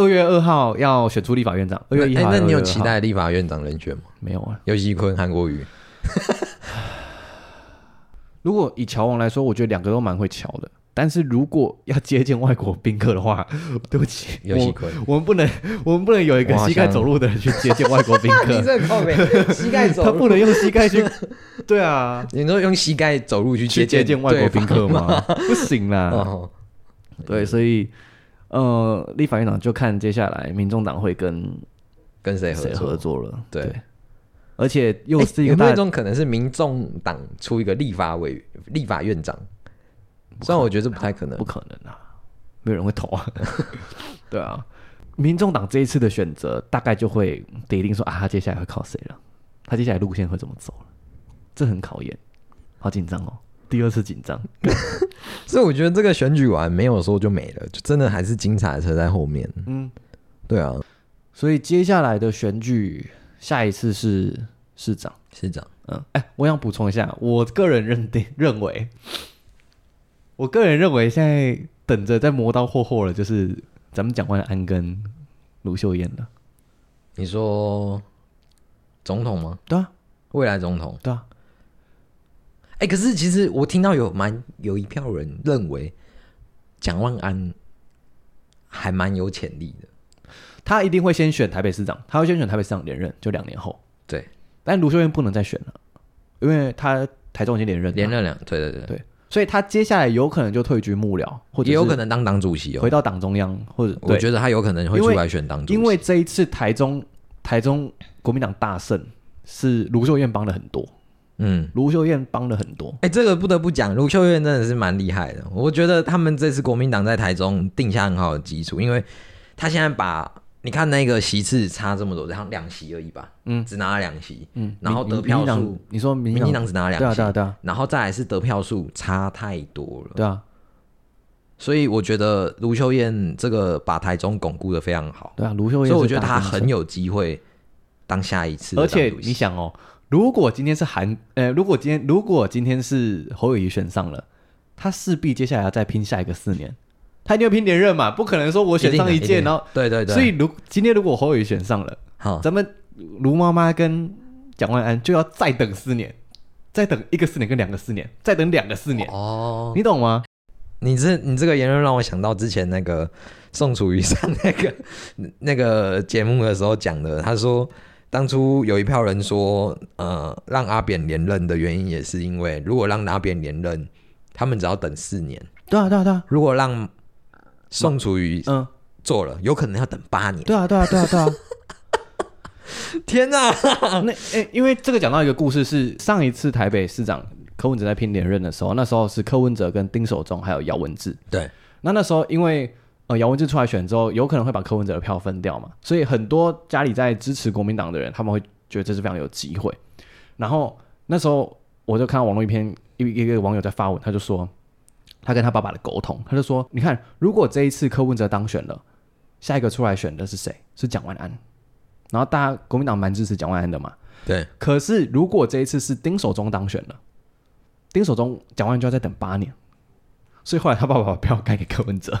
二月二號要選出立法院長，二月一號。欸、2, 那你有期待立法院長的人選嗎？沒有啊。游錫堃、韓國瑜。 如果以喬王來說，我覺得兩個都蠻會喬的。但是如果要接見外國賓客的話，對不起，游錫堃我，我們不能，我們不能有一個膝蓋走路的人去接見外國賓客。 你這 膝蓋走，他不能用膝蓋去。 對啊， 你能用膝蓋走路去接見外國賓客嗎？ 不行啦、 哦。對，所以。呃，立法院長就看接下來民眾黨會跟跟誰合，合作了對。對，而且又是一個有沒、欸、可能是民眾黨出一個立法委員、立法院長？啊、雖然我覺得這不太可能，不可能、啊，不可能啊，沒有人會投啊。 對啊，民眾黨這一次的選擇大概就會得一定說啊，他接下來會靠誰了？他接下來路線會怎麼走？這很考驗，好緊張哦。第二次緊張， 所以我覺得這個選舉完沒有說就沒了，就真的還是精彩的車在後面。嗯，對啊，所以接下來的選舉，下一次是市長，市長。嗯，哎、欸，我想補充一下，我個人認定認，認為，我個人認為現在等着在磨刀霍霍了，就是咱們講完了安跟盧秀燕的，你說總統嗎？對啊，未來總統。對啊。哎、欸，可是其實我聽到有蠻有一票人認為，蔣萬安還蠻有潛力的，他一定會先選台北市長，他會先選台北市長連任，就兩年後，對，但盧秀燕不能再選了，因為他台中已經連任了，連任了，對對對對，所以他接下來有可能就退居幕僚，或者也有可能當黨主席，回到黨中央，或者我覺得他有可能會出來選黨主席因，因為這一次台中台中國民黨大勝，是盧秀燕幫了很多。嗯嗯，盧秀燕幫了很多。哎、欸，這個不得不講，盧秀燕真的是蠻厲害的。我覺得他們這次國民黨在台中定下很好的基礎，因為他現在把你看那個席次差這麼多，然後兩席而已吧？嗯，只拿了兩席。嗯，然後得票數，你說民進黨只拿了兩席、對啊對啊對啊對啊，然後再來是得票數差太多了。對啊，所以我覺得盧秀燕這個把台中鞏固得非常好。對啊，盧秀燕，所以我覺得他很有機會當下一次。而且你想哦。如果今天是韓，呃，如果今天如果今天是侯友宜選上了，他勢必接下來要再拼下一個四年，他一定要拼連任嘛，不可能說我選上一屆，然後對對對，所以如今天如果侯友宜選上了，好、哦，咱們盧媽媽跟蔣萬安就要再等四年，再等一個四年跟兩個四年，再等兩個四年哦，你懂嗎？你這你這個言論讓我想到之前那個宋楚瑜上那個、 那個、那個節目的時候講的，他說。當初有一票人說，呃，讓阿扁連任的原因也是因為，如果讓阿扁連任，他們只要等四年。對啊，對啊，對啊。如果讓宋楚瑜嗯做了，有可能要等八年。對啊，對啊，對啊，對啊。 天哪、啊！那哎、欸，因為這個講到一個故事是，是上一次台北市長柯文哲在拼連任的時候，那時候是柯文哲跟丁守中還有姚文智。對。那那時候因為。呃，姚文智出來選之後，有可能會把柯文哲的票分掉嘛，所以很多家裡在支持國民黨的人，他們會覺得這是非常有機會。然後那時候我就看到網絡一篇一一個網友在發文，他就說他跟他爸爸的溝通，他就說：“你看，如果這一次柯文哲當選了，下一個出來選的是誰？是蔣萬安。然後大家國民黨蠻支持蔣萬安的嘛，對。可是如果這一次是丁守中當選了，丁守中、蔣萬安就要再等八年。所以後來他爸爸把票改給柯文哲。”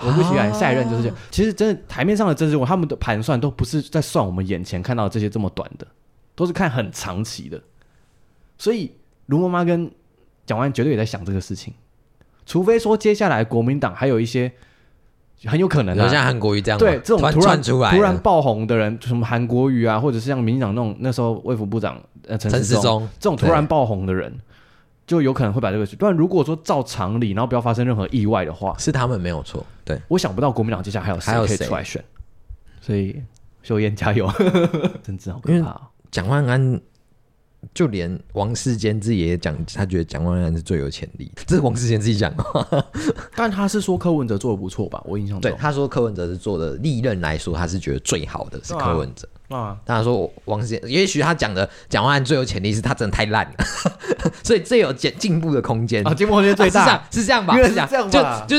我不喜歡，下一任就是這樣、啊。其實真的台面上的政治人物，他們的盤算都不是在算我們眼前看到這些這麼短的，都是看很長期的。所以盧媽媽跟蔣萬安絕對也在想這個事情，除非說接下來國民黨還有一些很有可能、啊，的，像韓國瑜這樣，對這種突然突然,出來突然爆紅的人，什麼韓國瑜啊，或者是像民進黨那種那時候衛福部長陳、呃、時中這種突然爆紅的人。就有可能會把這個選，但如果說照常理，然後不要發生任何意外的話，是他們沒有錯。對，我想不到國民黨接下來還有誰可以出來選，所以秀燕加油，真 摯好可怕、哦。蔣萬安，就連王世堅自己也講，他覺得蔣萬安是最有潛力，這是王世堅自己講。 但他是說柯文哲做的不錯吧？我印象中對，他說柯文哲是做的歷任來說，他是覺得最好的是柯文哲。啊、哦！當然說我王世杰，也許他講的蔣萬安最有潛力，是他真的太爛了呵呵，所以最有進進步的空間啊，進步空間最大，啊、是這樣是這樣吧？是這樣，是這樣就是這樣就，就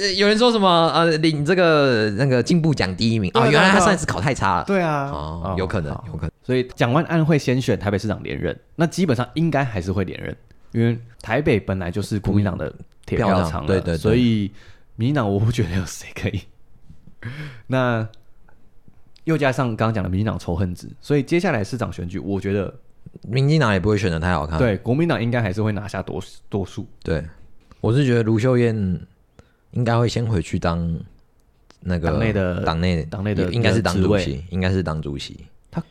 是有人說什麼呃領這個那個進步獎第一名啊，哦，原來他算是考太差了，對啊，哦哦，有可能，哦、有可能，所以蔣萬安會先選台北市長連任，那基本上應該還是會連任，因為台北本來就是國民黨的鐵票倉，對，對對，所以民進黨我不覺得有誰可以。 那。又加上剛剛講的民進黨仇恨值，所以接下來市長選舉，我覺得民進黨也不會選得太好看。對，國民黨應該還是會拿下多多數。對，我是覺得盧秀燕應該會先回去當那個黨內的黨內黨內的應該是黨主席，應該是黨主席，他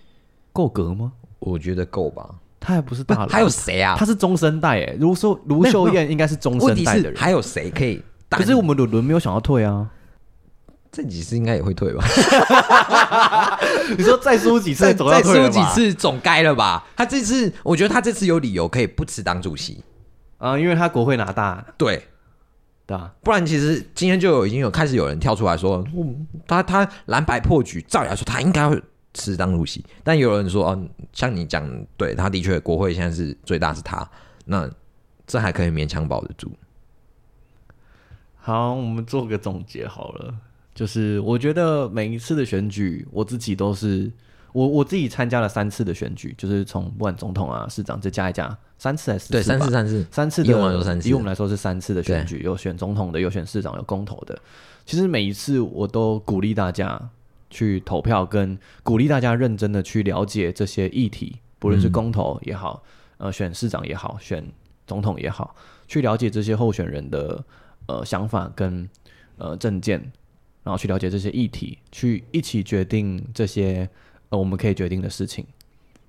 夠格嗎？我覺得夠吧，他還不是大，還有誰啊？他，他是中生代，哎，如說盧秀燕應該是中生代的人，有有還有誰可以、嗯？可是我們的輪沒有想要退啊。這幾次應該也會退吧？ 你說再輸幾次再，再輸幾次總該了吧？他這次，我覺得他這次有理由可以不辭黨主席啊、呃，因為他國會拿大，對對啊。不然其實今天就有已經有開始有人跳出來說，嗯、他他藍白破局，照理來說他應該會辭黨主席。但有人說，嗯、哦，像你講，對，他的確國會現在是最大是他，那這還可以勉強保得住。好，我們做個總結好了。就是我覺得每一次的選舉，我自己都是我我自己參加了三次的選舉，就是從不管總統啊、市長再加一加，三次還是次對三次、三次、三次的。以我們來說是三次的選舉，有選總統的，有選市長，有公投的。其實每一次我都鼓勵大家去投票，跟鼓勵大家認真的去了解這些議題，不論是公投也好、嗯，呃，選市長也好，選總統也好，去了解這些候選人的呃想法跟呃政見。然後去了解這些議題，去一起決定這些呃我們可以決定的事情，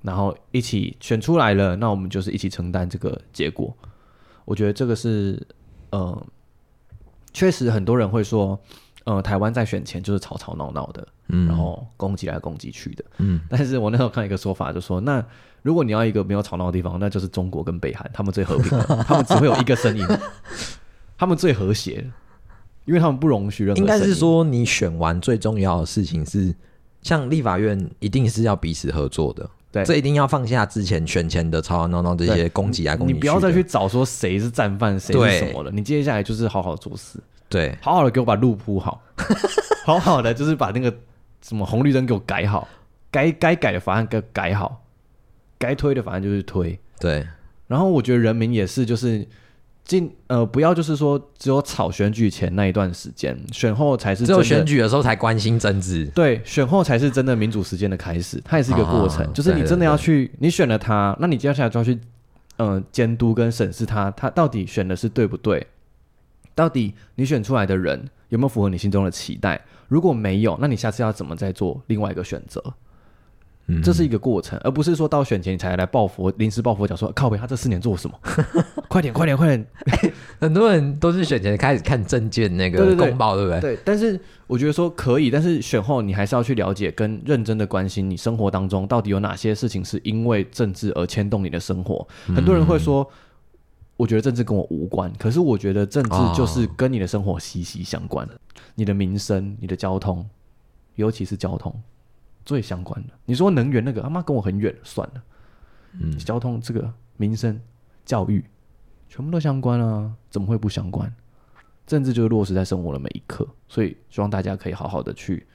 然後一起選出來了，那我們就是一起承擔這個結果。我覺得這個是，嗯、呃，確實很多人會說，呃，台灣在選前就是吵吵鬧鬧的，嗯，然後攻擊來攻擊去的，嗯，但是我那時候看一個說法就說，那如果你要一個沒有吵鬧的地方，那就是中國跟北韓，他們最和平的， 他們只會有一個聲音， 他們最和諧。因為他們不容許任何。應該是說，你選完最重要的事情是，像立法院一定是要彼此合作的。對，這一定要放下之前選前的吵吵鬧鬧這些攻擊啊攻擊你。你不要再去找說誰是戰犯，誰是什麼了。你接下來就是好好做事，對，好好的給我把路鋪好，好好的就是把那個什麼紅綠燈給我改好，該 該改，改，改的法案給我改好，該推的法案就是推。對，然後我覺得人民也是，就是。進呃不要就是說只有炒選舉前那一段時間，選後才是真的。只有選舉的時候才關心政治。對，選後才是真的民主時間的開始，它也是一個過程。哦、就是你真的要去對對對，你選了他，那你接下來就要去嗯呃、監督跟審視他，他到底選的是對不對？到底你選出來的人有沒有符合你心中的期待？如果沒有，那你下次要怎麼再做另外一個選擇？這是一個過程、嗯，而不是說到選前你才來抱佛、臨時抱佛腳講說，靠北他這四年做什麼？快點，快點，快點！很多人都是選前開始看政見，那個公報，對對對，對不對？對。但是我覺得說可以，但是選後你還是要去了解跟認真的關心，你生活當中到底有哪些事情是因為政治而牽動你的生活、嗯。很多人會說，我覺得政治跟我無關，可是我覺得政治就是跟你的生活息息相關。哦、你的民生、你的交通，尤其是交通。最相關的，你說能源那個，阿媽跟我很遠，算了。嗯，交通這個民生、教育，全部都相關啊，怎麼會不相關？政治就是落實在生活的每一刻，所以希望大家可以好好的去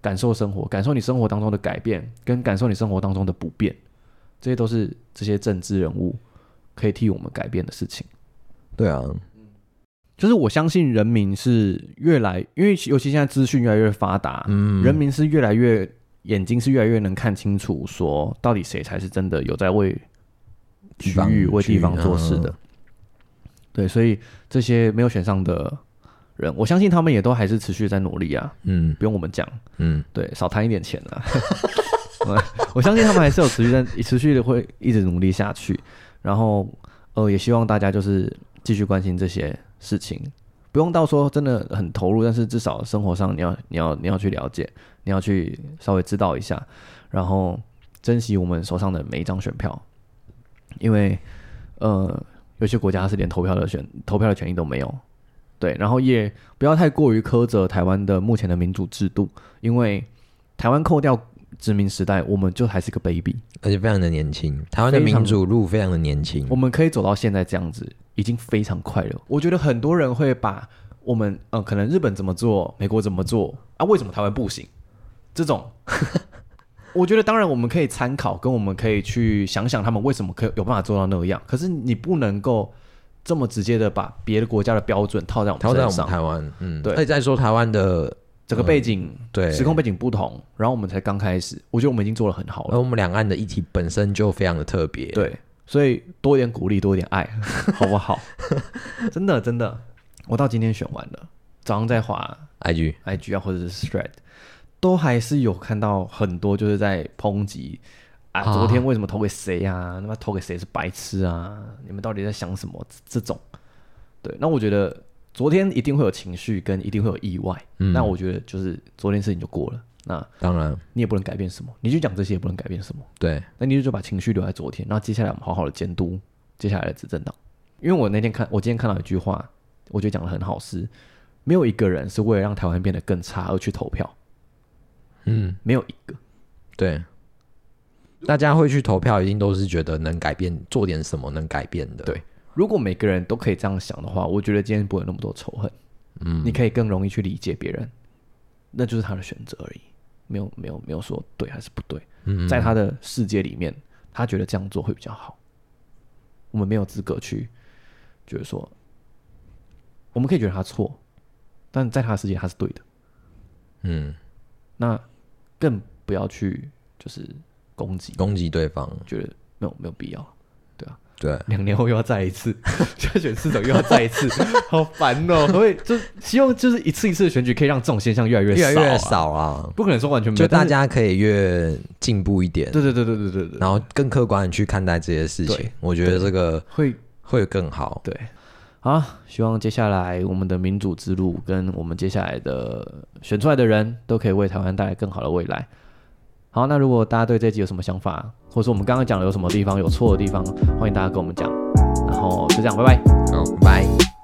感受生活，感受你生活當中的改變，跟感受你生活當中的不變，這些都是這些政治人物可以替我們改變的事情。對啊，就是我相信人民是越來，因為尤其現在資訊越來越發達，嗯，人民是越來越。眼睛是越來越能看清楚，說到底誰才是真的有在為區域、為地方做事的。嗯。對，所以這些沒有選上的人，我相信他們也都還是持續在努力啊。嗯，不用我們講。嗯，對，少貪一點錢啊。 我相信他們還是有持續在持續的會一直努力下去。然後，呃，也希望大家就是繼續關心這些事情，不用到說真的很投入，但是至少生活上你要你要你要，你要去了解。你要去稍微知道一下，然後珍惜我們手上的每一張選票，因為呃，有些國家是連投票的選投票的權利都沒有，對，然後也不要太過於苛責台灣的目前的民主制度，因為台灣扣掉殖民時代，我們就還是個 baby，而且非常的年輕，台灣的民主路非常的年輕，我們可以走到現在這樣子，已經非常快樂。我覺得很多人會把我們呃，可能日本怎麼做，美國怎麼做啊，為什麼台灣不行？這種，我覺得當然我們可以參考，跟我們可以去想想他們為什麼可以有辦法做到那個樣。可是你不能夠這麼直接的把別的國家的標準套在我們身上。套在我們台灣，嗯，對。再再說台灣的、嗯、整個背景，對時空背景不同，然後我們才剛開始。我覺得我們已經做得很好了。那我們兩岸的議題本身就非常的特別，對，所以多一點鼓勵，多一點愛，好不好？ 真的真的，我到今天選完了，早上在滑 IG IG 啊，或者是 Threads。都還是有看到很多就是在抨擊啊，昨天為什麼投給誰啊，啊？那麼投給誰是白痴啊？你們到底在想什麼？這種，對，那我覺得昨天一定會有情緒跟一定會有意外。嗯。那我覺得就是昨天事情就過了。那當然，你也不能改變什麼，你去講這些也不能改變什麼。對。那你就把情緒留在昨天，那接下來我們好好的監督接下來的執政黨。因為我那天看，我今天看到一句話，我覺得講得很好，是沒有一個人是為了讓台灣變得更差而去投票。嗯，沒有一個，對，大家會去投票，一定都是覺得能改變，做點什麼能改變的。對，如果每個人都可以這樣想的話，我覺得今天不會有那麼多仇恨。嗯，你可以更容易去理解別人，那就是他的選擇而已，沒有沒有沒有說對還是不對。嗯，在他的世界裡面，他覺得這樣做會比較好。我們沒有資格去，就是說，我們可以覺得他錯，但在他的世界他是對的。嗯，那。更不要去就是攻擊攻擊對方，覺得沒有沒有必要，對啊，對，兩年後又要再一次，下 選市長又要再一次， 好煩哦！ 所以就希望就是一次一次的選舉可以讓這種現象越來越少啊，越來越少啊！不可能說完全沒有，就大家可以越進步一點，對,對對對對對對對，然後更客觀的去看待這些事情，我覺得這個會會更好，對。對好，希望接下來我們的民主之路跟我們接下來的選出來的人都可以為台灣帶來更好的未來。好，那如果大家對這集有什麼想法，或者說我們剛剛講的有什麼地方有錯的地方，歡迎大家跟我們講。然後就這樣，拜拜，拜，拜。